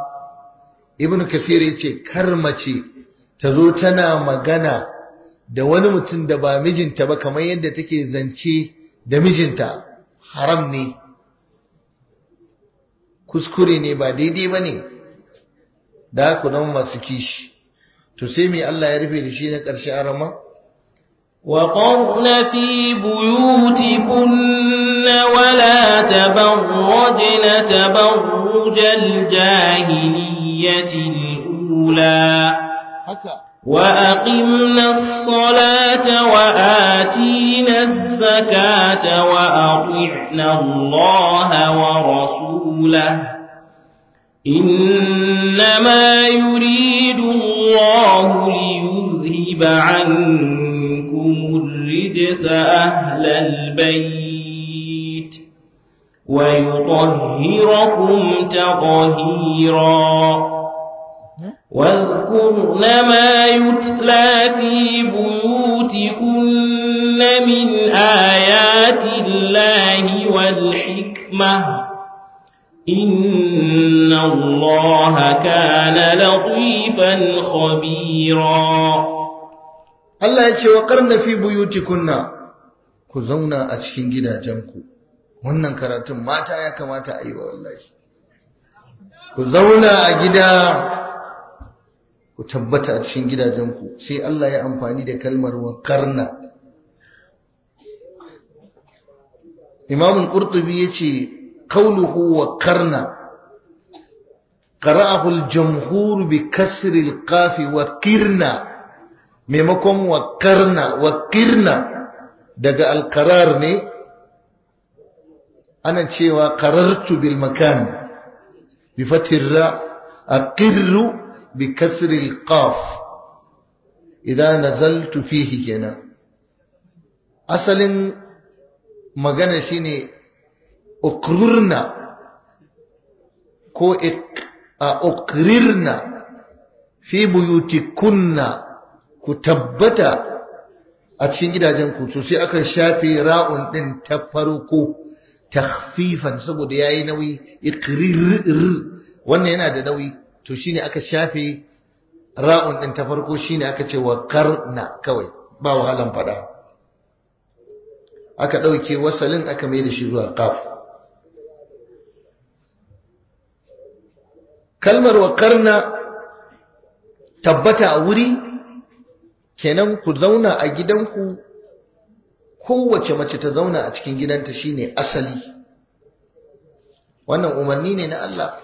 ibn kasir yace, ce kar mace ta zo tana magana da wani mutum da ba mijinta ba kamar yadda take zance da mijinta haram ne kuskure ne ba daidai ba ne da ku zama masu kishi to sai mai Allah ya rufe da shi na ƙarshe arama وقرن في بيوتكن ولا تبرجن تبرج الجاهلين التحية الأولى وأقمنا الصلاة وآتينا الزكاة وأطعنا الله ورسوله إنما يريد الله ليذهب عنكم الرجس أهل البيت ويطهركم تطهيرا واذكرن ما يتلى في بيوتكن من آيات الله والحكمة إن الله كان لطيفا خبيرا الله يتشوقرن في بيوتكن كزونا أتشين جدا جنكو wannan karatun mata ya kamata a yi wa wallahi ku zauna a gida ku tabbata a cikin gidajenku sai Allah ya amfani da kalmar imamun imam ya yace kaunuhu wa karna ƙara'ahul jamhur bi kasr al wa wakirna maimakon wa wakirna daga al ne ana cewa qarartu bil makan bi fathir ra aqirru bi kasri al qaf idan nazaltu fihi kenan asalin magana shine uqrurna ko uqrirna fi buyutikunna ku tabbata a cikin gidajen ku sosai aka shafe ra'un din ta farko takhfifan saboda yayi nauyi iqrir wannan yana da nauyi to shine aka shafe ra'un din ta farko shine aka ce wa karna kawai ba wahalan fada aka dauke wasalin aka mai da shi zuwa qaf kalmar wa karna tabbata a wuri kenan ku zauna a gidanku kowace mace ta zauna a cikin gidanta shine asali wannan umarni ne na Allah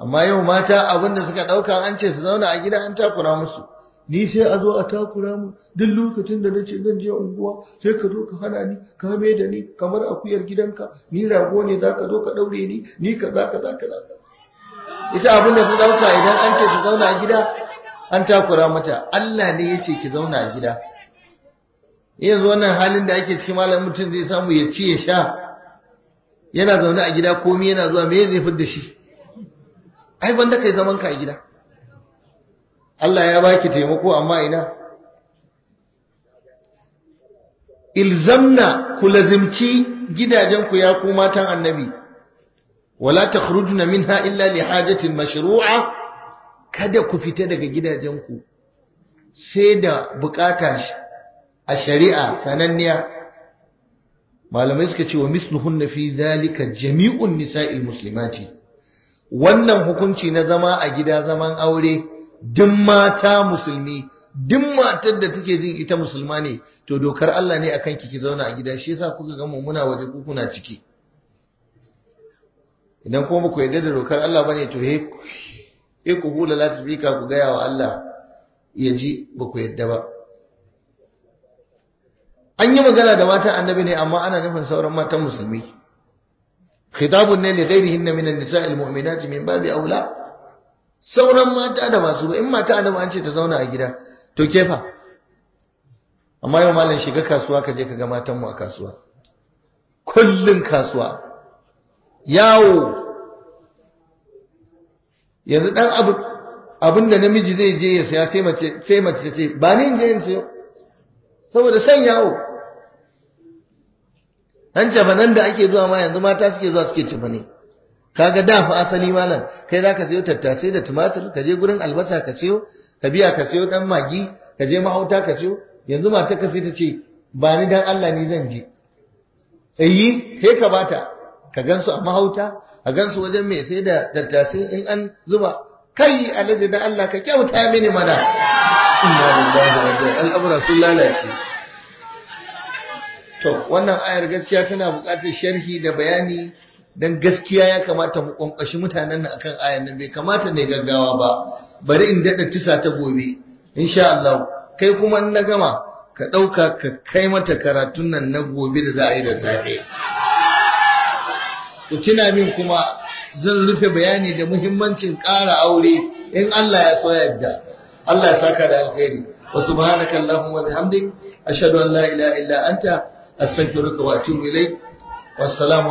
amma yau mata abinda suka ɗauka an ce su zauna a gida an takura musu ni sai a zo a takura mu duk lokacin da nace zan je unguwa sai ka zo ka hana ni ka me da ni kamar akuyar gidanka ni rago ne zaka zo ka daure ni ni ka ka, za ka. ita abinda ta dauka idan an ce ta zauna a gida an takura mata Allah ne yace ki zauna a gida yanzu wannan halin da ake ciki malam mutum zai samu ya ci ya sha yana zaune a gida komai yana zuwa me zai fidda shi ai banda kai zaman ka a gida Allah ya baki taimako amma ina ilzamna ku lazimci gidajen ku ya ku matan annabi wala takhrujna minha illa li hajatin mashru'a kada ku fita daga gidajen ku sai da bukata a shari'a sananniya malamai suka ce wa na fi zalika jami'un nisa'il muslimati wannan hukunci na zama a gida zaman aure duk mata musulmi duk matar da take jin ita musulma ne to dokar Allah ne akan ki ki zauna a gida shi yasa kuka ga muna waje ku kuna ciki idan kuma ku yarda da dokar Allah bane to he ku hula bika ku ga wa Allah ya ji ba ku yarda ba an yi magana da matan annabi ne amma ana nufin sauran matan musulmi khitabun ne li ghairihin na minan nisa al-mu'minati min babi aula sauran mata da masu ba in mata annabi an ce ta zauna a gida to kefa amma yau malam shiga kasuwa ka je ka ga matan mu a kasuwa kullun kasuwa yawo yanzu dan abu abin da namiji zai je ya saya sai mace sai mace ta ce ba ni in je in sayo saboda san yawo dan jabanan da ake zuwa ma yanzu mata suke zuwa suke cefane kaga da fa asali malam kai zaka siyo tattasai da tumatir ka je gurin albasa ka siyo. ka biya ka siyo dan magi ka je mahauta ka siyo. yanzu mata ka sai ta ce ba ni dan Allah ni zan je ayi eh, sai ka bata ka gansu a mahauta a gansu wajen mai sai da tattasai in an zuba kai alaji da Allah ka kyauta mini mana inna lillahi wa inna ilaihi raji'un sun lalace to wannan ayar gaskiya tana buƙatar sharhi da bayani dan gaskiya ya kamata mu kwankwashi mutanen nan akan ayar nan bai kamata ne gaggawa ba bari in daɗa tisa ta gobe insha Allah kai kuma na gama ka ɗauka ka kai mata karatun nan na gobe da za a yi da safe ku tuna min kuma zan rufe bayani da muhimmancin ƙara aure in Allah ya so yadda Allah ya saka da alheri wa subhanaka allahumma bihamdik ashhadu an la ilaha illa anta astaghfiruka wa atubu ilaik wassalamu